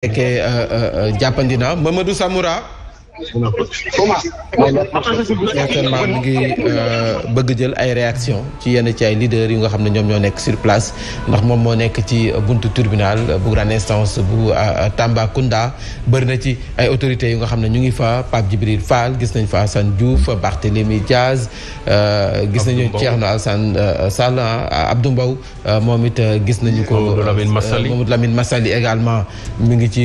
fekkee euh, euh, euh, jàppandi na Mamadou samura mun a ko certainement ngi euh, bëgg jël ay réaction ci yenn ci ay leaders yu nga xam ne ñoom ñoo nekk sur place ndax moom moo nekk ci buntu tribunal bu grande instance bu euh, euh, Tambacounda bëri na ci ay autorités yu nga xam ne ñu ngi fa Pape Djibril faal gis nañ fa Assane Diouf Barthélémy Diaz gis nañu Thierno Alassane Sall ah, abdu Mbow moom it gis nañu ko Mamadou Lamine Massali également mu ngi ci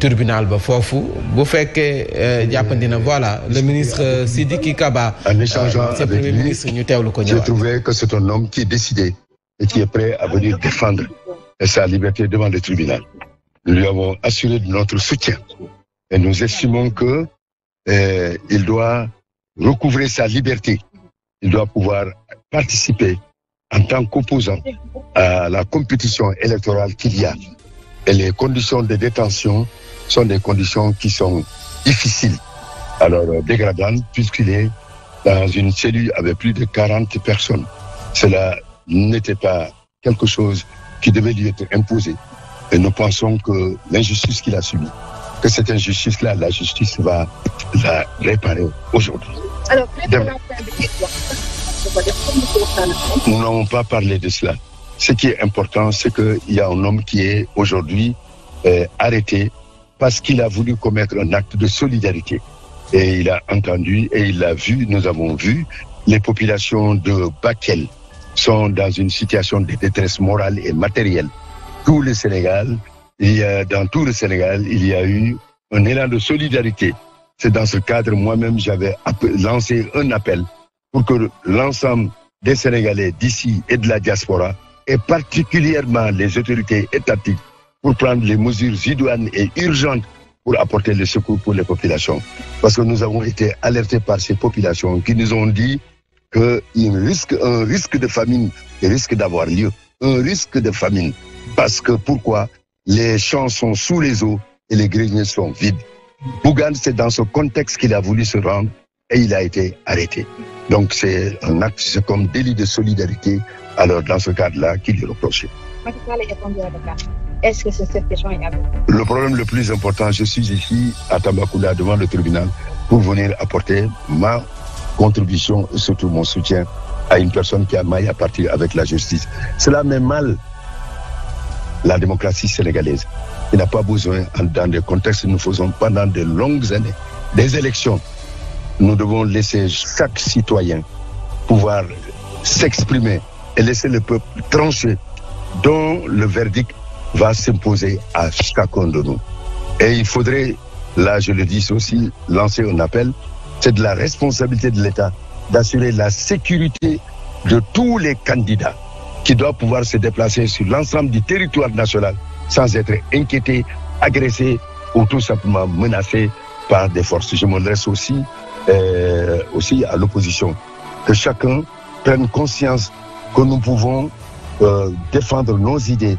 tribunal ba foofu bu fekkee jàppandi na voilà le ministre euh, Sidiki Kaba. en euh, échangeant avec lui ministre ñu teewlu ko j'ai trouvé que c'est un homme qui est décidé et qui est prêt à venir défendre sa liberté devant le tribunal. Nous lui avons assuré de notre soutien et nous estimons que euh, doit recouvrer sa liberté. Il doit pouvoir participer en tant qu'opposant à la compétition électorale qu'il y a. Et les conditions de détention sont des conditions qui sont difficile, alors euh, dégradante, puisqu'il est dans une cellule avec plus de 40 personnes. Cela n'était pas quelque chose qui devait lui être imposé. Et nous pensons que l'injustice qu'il a subie, que cette injustice-là, la justice va la réparer aujourd'hui. Alors, nous n'avons pas parlé de cela. Ce qui est important, c'est qu'il y a un homme qui est aujourd'hui euh, arrêté parce qu'il a voulu commettre un acte de solidarité. Et il a entendu et il a vu, nous avons vu, les populations de Bakel sont dans une situation de détresse morale et matérielle. Tout le Sénégal, dans tout le Sénégal, il y a eu un élan de solidarité. C'est dans ce cadre, moi-même, j'avais lancé un appel pour que l'ensemble des Sénégalais d'ici et de la diaspora, et particulièrement les autorités étatiques, pour prendre les mesures idoines et urgentes pour apporter le secours pour les populations. Parce que nous avons été alertés par ces populations qui nous ont dit qu'il risque de famine risque d'avoir lieu. Un risque de famine. Parce que pourquoi Les champs sont sous les eaux et les greniers sont vides. Bougan, c'est dans ce contexte qu'il a voulu se rendre et il a été arrêté. Donc c'est un acte, comme délit de solidarité. Alors dans ce cadre-là, qu'il lui reprochait. est Le problème le plus important, je suis ici à Tambacounda devant le tribunal pour venir apporter ma contribution surtout mon soutien à une personne qui a maille à partir avec la justice. Cela met mal la démocratie sénégalaise. Il n'a pas besoin, dans des contextes que nous faisons pendant de longues années, des élections. Nous devons laisser chaque citoyen pouvoir s'exprimer et laisser le peuple trancher, dont le verdict va s'imposer à chacun de nous. Et il faudrait, là je le dis aussi, lancer un appel, c'est de la responsabilité de l'État d'assurer la sécurité de tous les candidats qui doivent pouvoir se déplacer sur l'ensemble du territoire national sans être inquiétés, agressés ou tout simplement menacés par des forces. Je m'adresse euh, aussi, à l'opposition, que chacun prenne conscience que nous pouvons euh, défendre nos idées,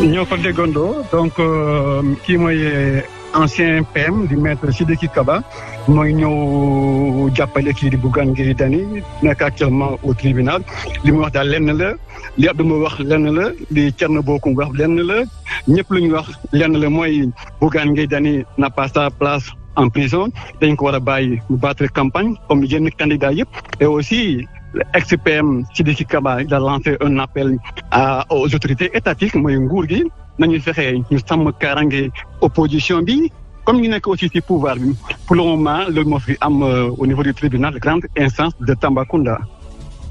ñoo ko déggandoo donc euh, kii mooy ancien pem di maître Sidiki Kaba mooy ñëw jàppale kii di bu Bougane Gueye Dany nekk actuellement au tribunal li mu wax daal lenn la li Abdou Mbow wax lenn la li Thierno Bocoum wax lenn la ñëpp lu ñu wax lenn la mooy Bougane Gueye Dany n'a pas place en prison dañ ko war a bàyyi mu battre campagne comme yenn candidat yëpp et aussi ex-PM Sidiki Kaba il a lancé un appel à euh, aux autorités étatiques mooy nguur gi nañu fexe ñu sàmm kaaraange opposition bi comme ñu nekk aussi ci pouvoir bi pour le moment loolu moo fi am euh, au niveau du tribunal grande instance de Tambacounda.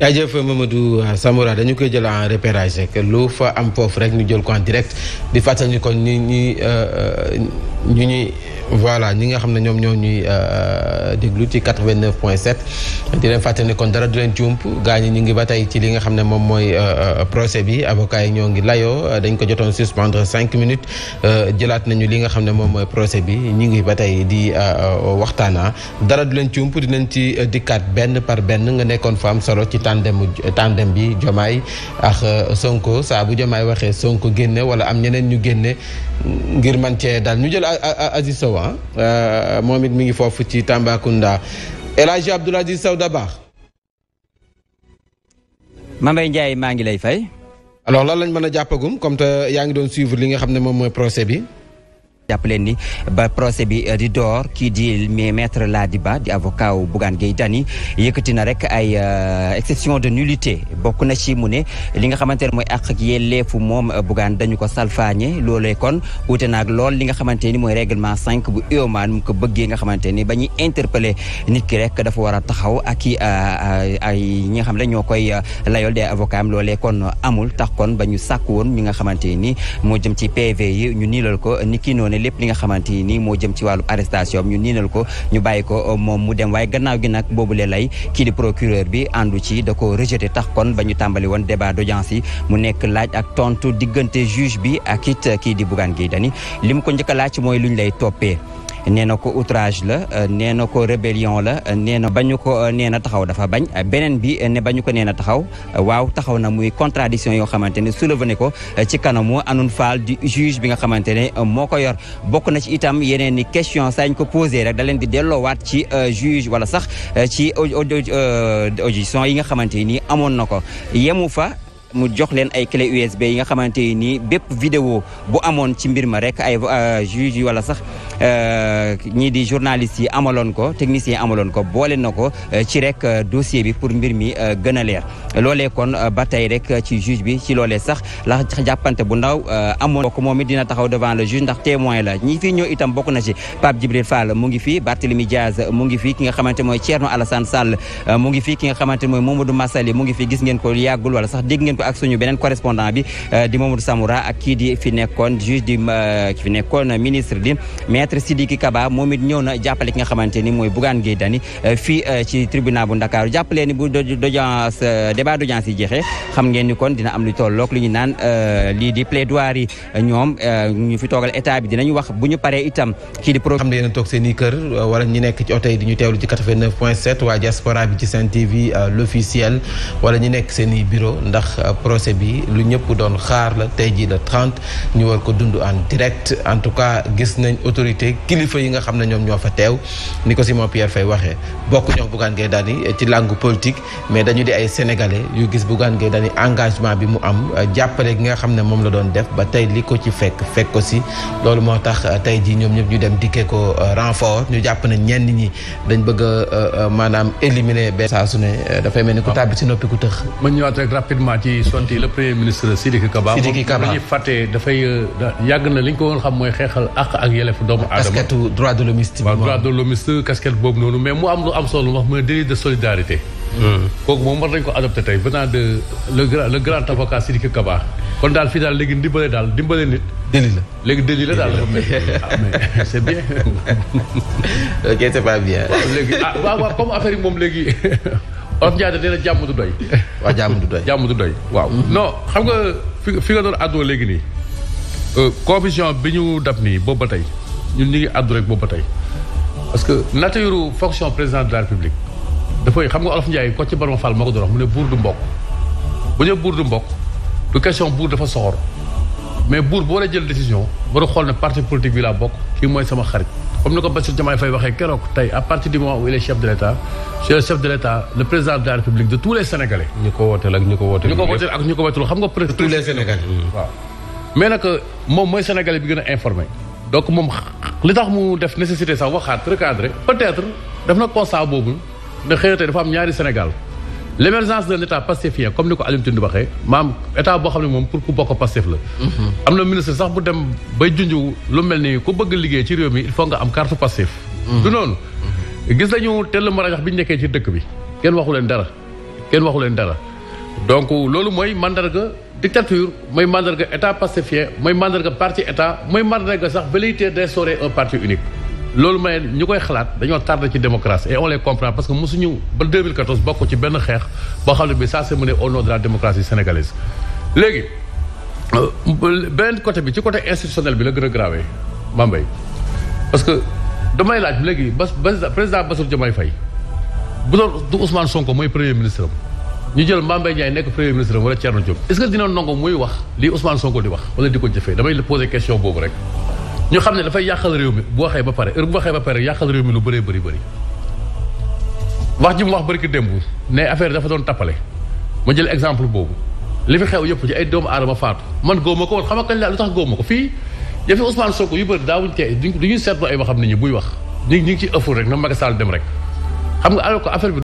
jaajëf Mamadou samora dañu koy jël en repérage rek lu fa am foofu rek ñu jël ko en direct di fàttali ñu kon euh, ñu ñu ñu ñuy. voilà ñi nga xam ne ñoom ñoo ñuy euh, déglu ci 89 di leen fàttali ne kon dara du leen jump gaa ñi ñu ngi ba tey ci li nga xam ne moom mooy euh, euh, procès bi avocat yi ñoo ngi layoo dañ ko jotoon suspendre cinq minutes jëlaat nañu li nga xam ne moom mooy procès bi ñu ngi ba tey di waxtaana dara du leen di dinañ ci dikkaat benn par benn nga nekkoon fa am solo ci tandem tandem bi Jomaay ak Sonko saa bu Jomaay waxee Sonko génne wala am ñeneen ñu génne ngir man cee daal ñu jël Aziz Sow ah euh, moom it mi ngi foofu ci Tambacounda El Hadji Abdoul Aziz Sow Dabakh. Mbaye Ndiaye maa ngi lay fay. alors lan lañ mën a jàppagum comme te yaa ngi doon suivre li nga xam ne moom mooy procès bi. jàpp leen ni ba procès bi euh, di door kii di maître Ladiba di avocat wu Bougane Gueye yëkkati na rek ay euh, exception de nullité bokk na ci mu ne li nga xamante ne mooy àq ak yelleefu moom euh, Bougane dañu ko salfaañe loolee kon wute naag lool li nga xamante ni mooy règlement 5 bu UEMOA mu ko bëggee nga xamante ni ba ñuy interpeller nit ki rek dafa war a taxaw ak i ay ñi xam ne ñoo koy layool des avocats am loolee kon amul tax kon ba ñu sàkk woon ñi nga xamante ni moo jëm ci PV yi ñu niilal ko ni ki noonu lépp li nga xamante ni moo jëm ci wàllu arrestation ñu niinal ko ñu bàyyi ko euh, moom mu dem waaye gannaaw gi nag boobulee lay kii di procureur bi àndu ci da ko rejeté tax kon ba ñu tàmbali woon débat d'audience yi mu nekk laaj ak tontu diggante juge bi ak it kii di Bougane Gueye Dany li mu ko njëkk a laaj mooy lu ñu lay toppee nee na ko outrage la nee na ko rébellion la nee na bañu ko nee na taxaw dafa bañ beneen bi ne bañu ko nee na taxaw waaw taxaw na muy contradiction yoo xamante ne soulevé ko ci kanamu Anoune Fall di juge bi nga xamante ne moo ko yor bokk na ci itam yeneen ni question sañ ko posé rek da leen di delloowaat ci euh, juge wala sax euh, ci euh, audition yi nga xamante nii amoon na ko yemu fa mu jox leen ay clé USB yi nga xamante ni bépp vidéo bu amoon ci mbir ma rek ay juge yi wala sax Euh, ñii di journalistes yi amaloon ko techniciens yi amaloon ko boole na ko euh, ci rek euh, dossier bi pour mbir mi gën a leer loole kon ba tey rek ci juge bi ci loolee sax la jàppante bu ndaw amoon bokk moom it dina taxaw devant le juge ndax témoin la ñi fii ñëw itam bokk na ci Pape Djibril Fall mu ngi fii Barthélémy Diaz mu ngi fii ki nga xamante mooy Thierno Alassane Sall mu ngi fii ki nga xamante mooy Mamadou Massali mu ngi fii gis ngeen ko yàggul wala sax dégg ngeen ko ak bi di Mamadou Samoura ak kii di fi nekkoon juge di fi nekkoon ministre di maître Sidiki Kaba moom it ñëw na jàppale ki nga xamante ni mooy Bougane Gueye Dany euh, fii euh, ci tribunal bu Ndakaaru jàppalee ni bu d'audience euh, débat d'audience yi jeexee xam ngeen ni kon dina am lu tollook lu ñu naan lii di plaidoirie ñoom ñu fi toogal état bi dina ñu wax bu ñu paree itam kii di programme yéen a seen i kër wala ñi nekk ci oto yi di ñu teewlu ci 89 point 7 waa diaspora bi ci Sen TV l'officiel wala ñu nekk seen i bureau ndax procès bi lu ñëpp doon xaar la tey jii la 30 ñu war ko dund en direct en tout cas gis nañ invité kilifa yi nga xam ne ñoom ñoo fa teew ni ko Simon Pierre fay waxee bokk ñoo Bougane daal Dany eh, ci langue politique mais dañu di ay sénégalais yu gis Bougane Gueye Dany engagement bi mu am eh, jàppale gi nga xam ne moom la doon def ba tey li ko ci fekk fekk ko si loolu moo tax eh, tey jii ñoom ñëpp ñu dem dikkee ko renfort ñu jàpp ne ñenn ñi dañ bëgg a maanaam éliminer benn saa su ne dafay mel ni ku tàbbi si noppi ku tëx. ma ñëwaat rek rapidement ci sonti le premier ministre Sidiki Kaba. Sidiki Kaba moom dañuy na li ñu ko xam mooy xeexal ak yelleef doomu casquette droit de l'hommiste waaw droit de boobu noonu mais mu am lu am solo wax mooy délit de solidarité hmm. kooku moom war nañ ko adopté tey venant de le grand le grand avocat kon daal fii daal léegi ndimbale daal ndimbale nit délit la léegi délit la daal ah, mais c'est bien ok léegi ah, waaw waaw comme affaire yi moom léegi Olof Ndiaye da nee na jàmm du doy waaw jàmm du doy waaw hmm. non xam nga fi fi nga doon àddoo léegi nii euh, confusion bi ñu dab nii boobu ba tey ñun ñu ngi àddu rek boobu ba tey parce que nature fonction président de la république dafay xam nga olof Ndiaye ko ci Barma Fall moo ko doon wax mu ne buur du mbokk bu ñëw buur du mbokk du question buur dafa soxor mais buur boo la jël décision war a xool ne parti politique bi laa bokk kii mooy sama xarit. comme ni ko Bassirou Diomaye Faye waxee keroog tey à partir du moment où il est de l' état le chef de l' état le président de la république de tous les sénégalais. moom mooy sénégalais bi gën a informé. donc moom li tax mu def nécessité sax waxaat recadré peut-être def na constat boobu ne xëy na tey dafa am ñaari Sénégal l' émergence d'un état pastefien comme ni ko Alioune Tine waxee maam état boo xam ne moom pour ku bokk pastef la. Mhm. am na ministre sax bu dem bay junj lu mel ni ku bëgg liggéey ci réew mi foog nga am carte pastef. Mhm. du noonu. Mhm. gis nañu teel a marañax bi ñu nekkee ci dëkk bi kenn waxu leen dara kenn waxu leen dara. donc loolu mooy mandarga dictature mooy mandarga état pastefien mooy mandarga parti état mooy mandarga sax velléité d'instaurer un parti unique. loolu mooy ñu koy xalaat dañoo tardé ci démocratie et on parce que mosuñu ba 2014 bokk ci benn xeex boo xam ne bi ça s'est mené au nom de la démocratie sénégalaise. léegi euh, beneen côté bi ci côté institutionnel bi la gën a grave Mbaye parce que damay laaj léegi ba président Bassirou Diomaye fay bu doon du Ousmane Sonko mooy premier ministre ñu jël Mame Mbaye Niang nekk premier ministre wala Thierno Diop est-ce que dina nangu muy wax li Ousmane Sonko di wax wala di ko jëfee damay poser question boobu rek ñu xam ne dafay yàqal réew mi bu waxee ba pare heure bu waxee ba pare yàqal réew mi lu bëree bëri bëri wax ji mu wax bëriki démb ne affaire dafa doon tappale ma jël exemple boobu li fi xew yëpp ci ay doomu aadama faatu man góoma ko woon xam nga kañ laa lu tax góoma ko fii jafe Ousmane Sonko yu bëri daawuñ tee du ñuy seetlu ay waxam nit ñi buy wax ñu ngi ñu ci ëfful rek na Macky dem rek